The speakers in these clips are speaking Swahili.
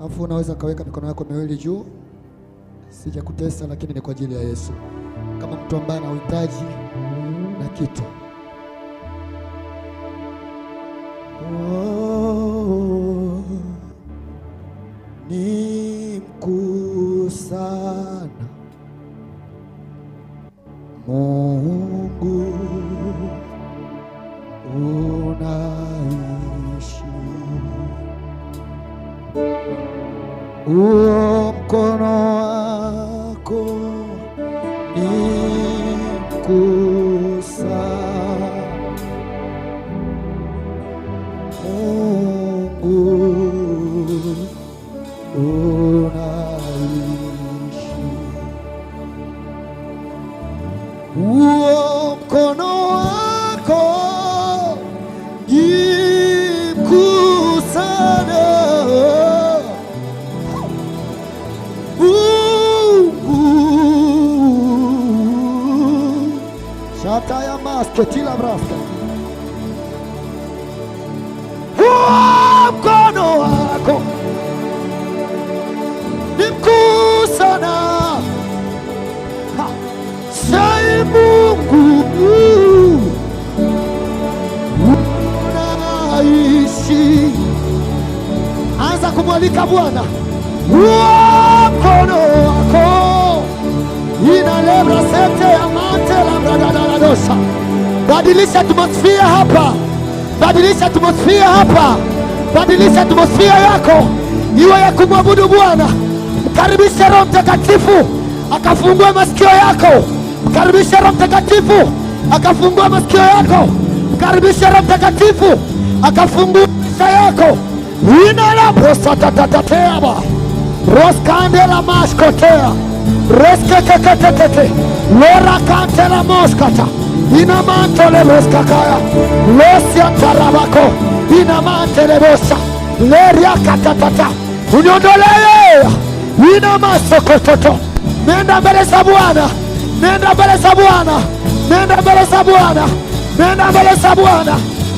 Alafu unaweza kaweka mikono yako miwili juu, sija kutesa, lakini ni kwa ajili ya Yesu. Kama mtu ambaye ana uhitaji na kitu oh. Chetila Brasta, huo mkono wako ni mkuu sana, sai Mungu unaishi. Anza kumwalika Bwana, huo mkono wako ina lebra sete ya mate la mradadaradosa Badilisha atmosphere hapa, badilisha atmosphere hapa, badilisha atmosphere yako iwe ya kumwabudu Bwana. Mkaribishe Roho Mtakatifu akafungue masikio yako, mkaribishe Roho Mtakatifu akafungue masikio yako, mkaribishe Roho Mtakatifu akafungue maisha yako. wina la prosatatatatateaba roskandela maskotea roskekekekekeke lorakantela moskata inamantolelos kakaya losia tarabako inamantelebosa leria katatata uniondoleye inamasokototo nenda mbele za Bwana, nenda mbele za Bwana, nenda mbele za Bwana, nenda mbele za Bwana.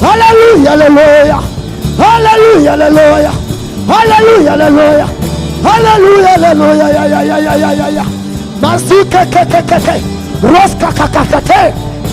Haleluya, haleluya, haleluya, haleluya, haleluya, haleluya, haleluya, haleluya, ya ya ya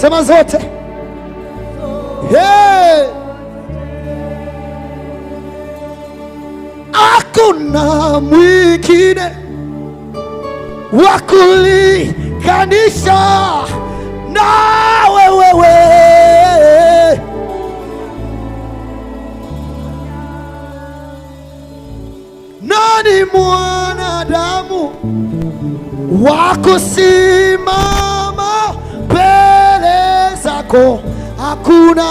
sema zote. Hey, hakuna mwingine wakulinganisha kulikanisha na wewewe. Nani mwanadamu wa kusimama kwako hakuna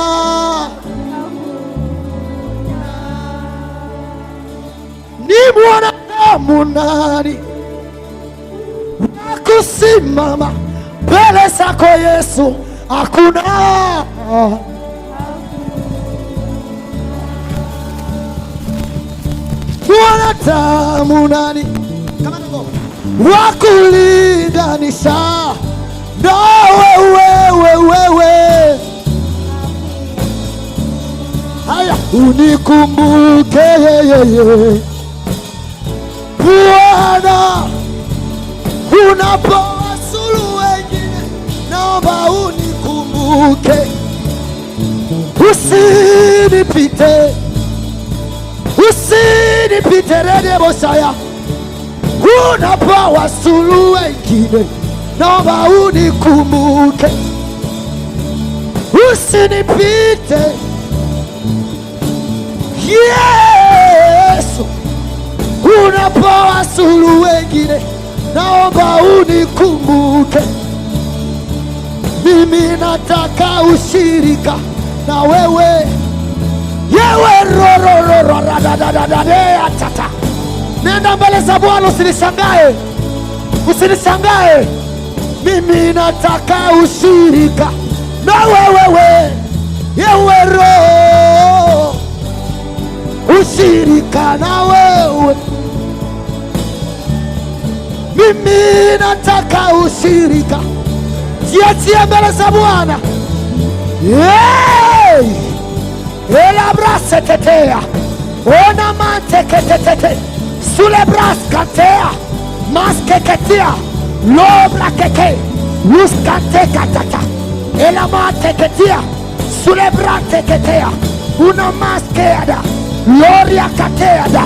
ni mwanadamu nani kusimama mbele zako Yesu hakuna mwanadamu nani wakulinganisha na wewe wewe unikumbuke yeye Bwana, unapowasulu wengine, naomba unikumbuke, usinipite, usinipite redebosaya. Unapowasulu wengine, naomba unikumbuke, usinipite Yesu, unapowasulu wengine, naomba unikumbuke mimi. Nataka ushirika na wewe yewe tata nenda mbele za Bwana, usinishangae, usinishangae. Mimi nataka ushirika na wewe kana wewe. Mimi nataka ushirika, ziachie mbele za Bwana. Hey! Ela ona mateketetete sule maskeketia lobra keke luskatekatata ela mateketia sule bra teketea una maskeada Gloria kateada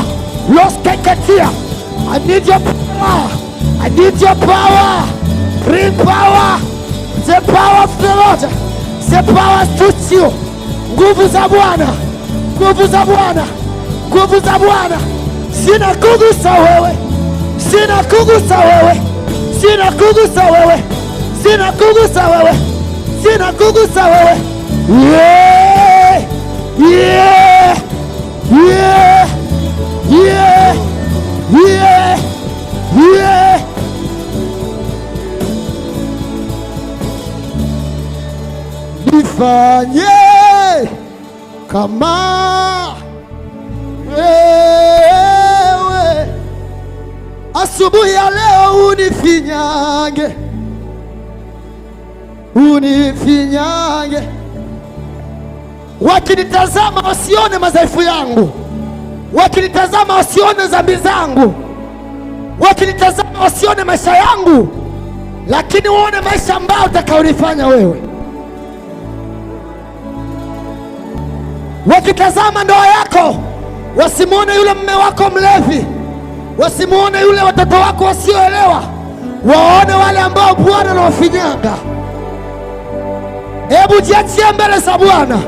Los keketia. I need your power. I need your power. Bring power. The power of the Lord. The power suits you. Nguvu za Bwana. Nguvu za Bwana. Nguvu za Bwana. Sina kugusa wewe. Sina kugusa wewe. Sina kugusa wewe. Sina kugusa wewe. Sina kugusa wewe. Yeah. Yeah. Nifanye kama wewe, asubuhi ya leo unifinyange, unifinyange, wakinitazama wasione madhaifu yangu, wakinitazama wasione dhambi zangu wakinitazama wasione maisha yangu, lakini waone maisha ambayo utakaolifanya wewe. Wakitazama ndoa yako wasimwone yule mme wako mlevi, wasimwone yule watoto wako wasioelewa, waone wale ambao Bwana anawafinyanga. Hebu jiachie mbele za Bwana.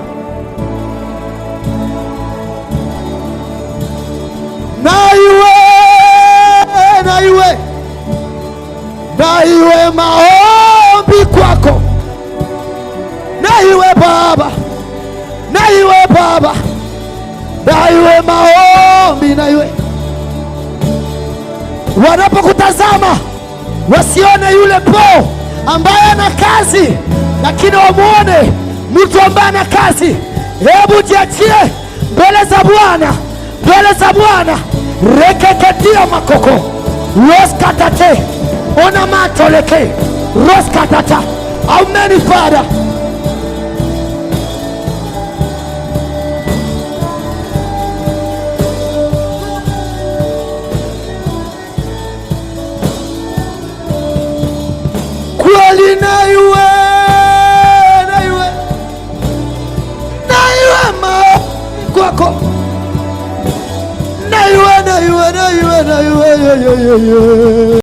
Wanapokutazama wasione yule po ambaye ana kazi, lakini wamwone mtu ambaye ana kazi. Hebu jiachie mbele za Bwana, mbele za Bwana rekeketia makoko roskatate ona matoleke roskatata aumeni Father yeah, yeah, yeah.